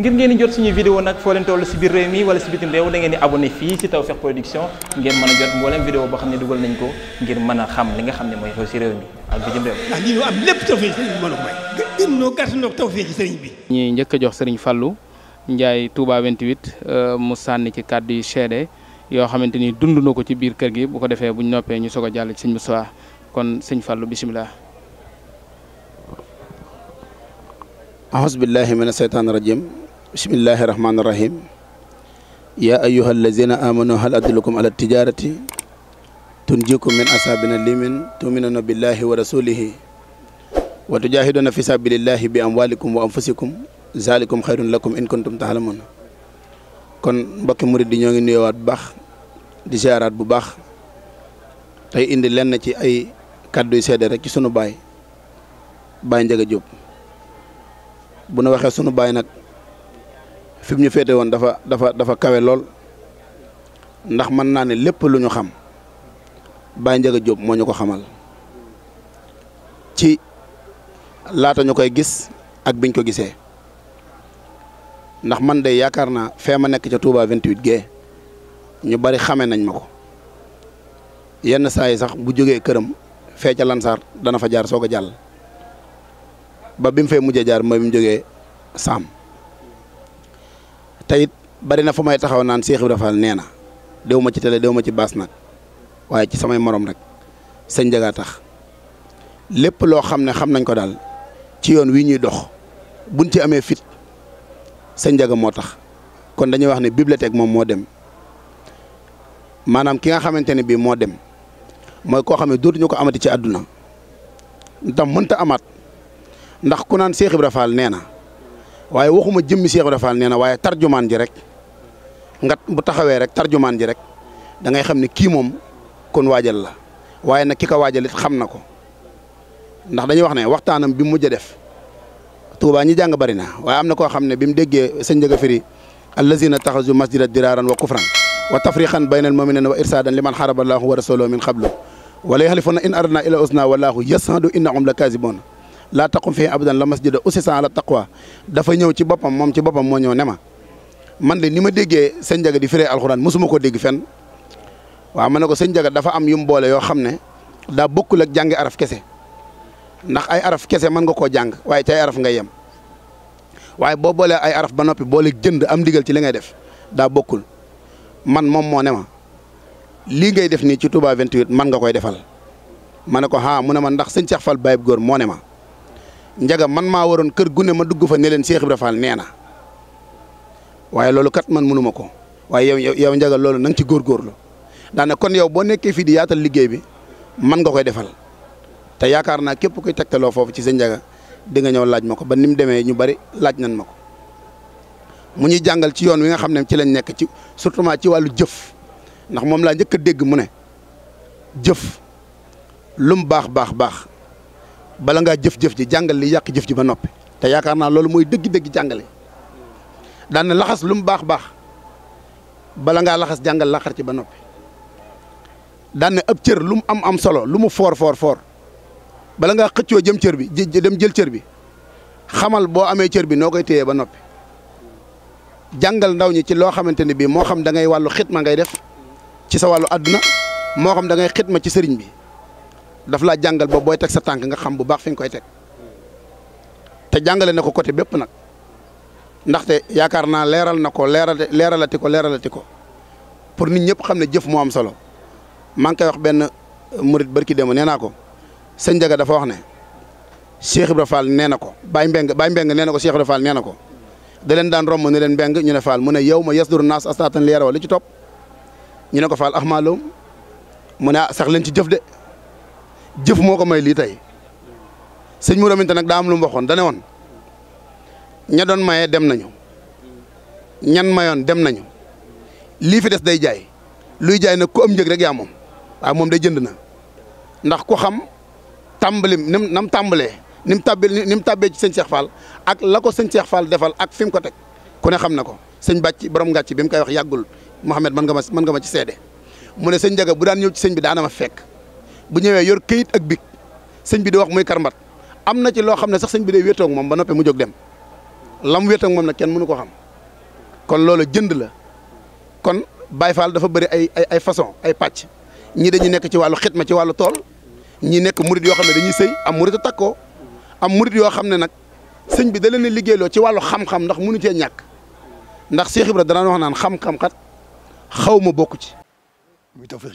ngir ngeen di jot suñu vidéo nag foo leen toll si biir réew mi wala si bitim réew da ngeen di abonné fii si Tawfekh Production ngeen mën a jot mboolem vidéo boo xam ne dugal nañ ko ngir mën a xam li nga xam ne mooy xew si réew mi ak bitim réew. ndax ñu njëkk a jox sëriñ fallu njaay Touba 28 euh, mu sànni ci kàddu yu seede yoo xamante ni dund na ko ci biir kër gi bu ko defee buñ noppee ñu soog a jàll ci sëñ Moustapha kon sëñ fallu bisimilah. ahos billahi mina seytaan rajim bismillahi rahmaani rahim yaa ayyuha allazina amanu hal adullukum ala tijarati tunjikum min asabina limin tuminuna billahi wa rasulihi wa tujahiduna fi sabilillahi bi amwalikum wa anfusikum zalikum xayrun lakum in kuntum taalamun kon mbokki murid di ñoo ngi nuyowaat bu baax di siyaaraat bu baax tey indi lenn ci ay kàddu yu seede rek ci sunu baay baay Njaga Jóob bu nu waxee sunu baay nag fi ñu féete woon dafa dafa dafa kawe lool ndax mën naa ne lépp lu ñu xam Baye Ndiaga Diop moo ñu ko xamal ci laata ñu koy gis ak biñ ko gisee ndax man de yaakaar naa fee ma nekk ca Touba 28 gee ñu bari xame nañ ma ko yenn saa yi sax bu jógee këram fee ca Lansar dana fa jaar soog a jàll ba bi mu fee mujjee jaar mooy bi mu jógee Saam. te it bari na fa may taxaw naan Cheikh Ibra nee na dew ma ci tele dew ma ci baas nag waaye ci samay moroom rek sëñ jagaa tax lépp loo xam ne xam nañ ko daal ci yoon wi ñuy dox buñ ci amee fit sëñ jaga moo tax kon dañuy wax ne bibliothèque moom moo dem maanaam ki nga xamante ne bii moo dem mooy koo xam ne dootuñu ko amati ci àdduna ndax mënta amaat ndax ku naan Cheikh Ibra nee na. waaye waxuma jëmmi Cheikh Ibra Fall nee na waaye tarjumaan ji rek ngat bu taxawee rek tarjumaan ji rek da ngay xam ne kii moom kon waajal la waaye nag ki ko waajal xam na ko ndax dañuy wax ne waxtaanam bi mu mujj a def Touba ñi jàng bari na am na koo xam ne bi mu déggee sëñ Ndiaga Firi allazina taxazu masjida diraaran wa kufran wa tafriqan bayna al muminina wa irsaadan liman xaraba allahu wa rasulahu min qablu wala yaxlifuna in aradna ila usna wallahu yashadu innahum la kazibun laa fi fii abadan la masjida la ala taqwa dafa ñëw ci boppam moom ci boppam moo ñëw ne ma man de ni ma déggee sëñ Ndiaga di firee alxuraan mosuma ko dégg fenn waaw ma ne ko sëñ Ndiaga dafa am yu mu boole yoo xam ne daa bokkul ak jàngi araf kese ndax ay araf kese mën nga koo jàng waaye ci ay araf nga yem waaye boo boolee ay araf ba noppi boole jënd am digal ci li ngay def daa bokkul man moom moo ne ma lii ngay def nii ci Touba 28 man nga koy defal ma ne ko ah mu ne ma ndax sëñ Cheikh Fall Baye góor moo ne ma. njaga man maa waroon kër gune ma dugg fa ne leen Cheikh Ibra Fall nee na waaye loolu kat man mënuma ko waaye yow yow njaga loolu na ci góor góorlu daane kon yow boo nekkee fii di yaatal liggéey bi man nga koy defal te yaakaar naa képp kuy tegtaloo foofu ci sa njaga di ñëw laaj ma ko ba ni mu demee ñu bari laaj nan ma ko mu ñuy jàngal ci yoon wi nga xam ne ci lañ nekk ci surtout ci wàllu jëf ndax moom laa njëkk a dégg mu ne jëf lum baax baax baax bala ngaa jëf-jëf ji jàngal li yàq jëf ji ba noppi te yaakaar naa loolu mooy dëgg-dëgg jàngale daan laxas lu mu baax baax bala ngaa laxas jàngal laxar ci ba noppi daan na ab cër lu mu am am solo lu mu foor foor foor bala ngaa xëccoo jëm cër bi dem jël cër bi xamal boo amee cër bi noo koy téyee ba noppi jàngal ndaw ñi ci loo xamante ne bii moo xam da ngay wàllu xitma ngay def ci sa wàllu àdduna moo xam da ngay xitma ci sëriñ bi daf laa jàngal ba booy teg sa tànk nga xam bu baax fi nga koy teg te jàngale na ko côté bépp nag ndaxte yaakaar naa leeral na ko leeralati leeralati ko leeralati ko pour nit ñëpp xam ne jëf moo am solo maa ngi koy wax benn murit barki démb nee naa ko sëñ Ndiaga dafa wax ne Cheikh Ibra Fall nee na ko Baye Mbeng Baye Mbeng nee na ko Cheikh Ibra Fall nee na ko da leen daan romb ne leen Mbeng ñu ne Fall mu ne yow ma yasdur naas astaatan li yarawa li ci topp ñu ne ko Fall ahmaalum mu ne ah sax leen ci jëf de. jëf moo ko may lii tey sëñ Mourou Aminta nag daa am lu mu dane woon ña doon maye dem nañu ñan mayoon dem nañu lii fi des day jaay luy jaay nag ku am njëg rek yaa moom waaye moom day jënd na ndax ku xam tàmbalim ni mu na mu tàmbalee ni mu tàbbee ni mu tàbbee ci sëñ Cheikh Fall ak la ko sëñ Cheikh Fall defal ak fi ko teg ku ne xam na ko sëñ bàcc borom ngàcc bi mu koy wax yàggul Mouhamed man nga ma mën nga ma ci seede mu ne sëñ Jaga bu daan ñëw ci sëñ bi daana ma fekk. bu ñëwee yor këyit ak bic sëñ bi di wax muy karmbat am na ci loo xam ne sax sëñ bi day wéetoo moom ba noppee mu jóg dem lam wéetoo ak moom nag kenn mënu ko xam kon loolu jënd la kon Baye Fall dafa bëri ay ay ay façon ay pàcc ñi dañuy nekk ci wàllu xitma ci wàllu tool ñi nekk murit yoo xam ne dañuy sëy am murit a takkoo am murit yoo xam ne nag sëñ bi da leen a liggéeyloo ci wàllu xam-xam ndax mënu cee ñàkk ndax Cheikh Ibra danaan wax naan xam-xam kat xaw ma bokk ci. muy tawfeex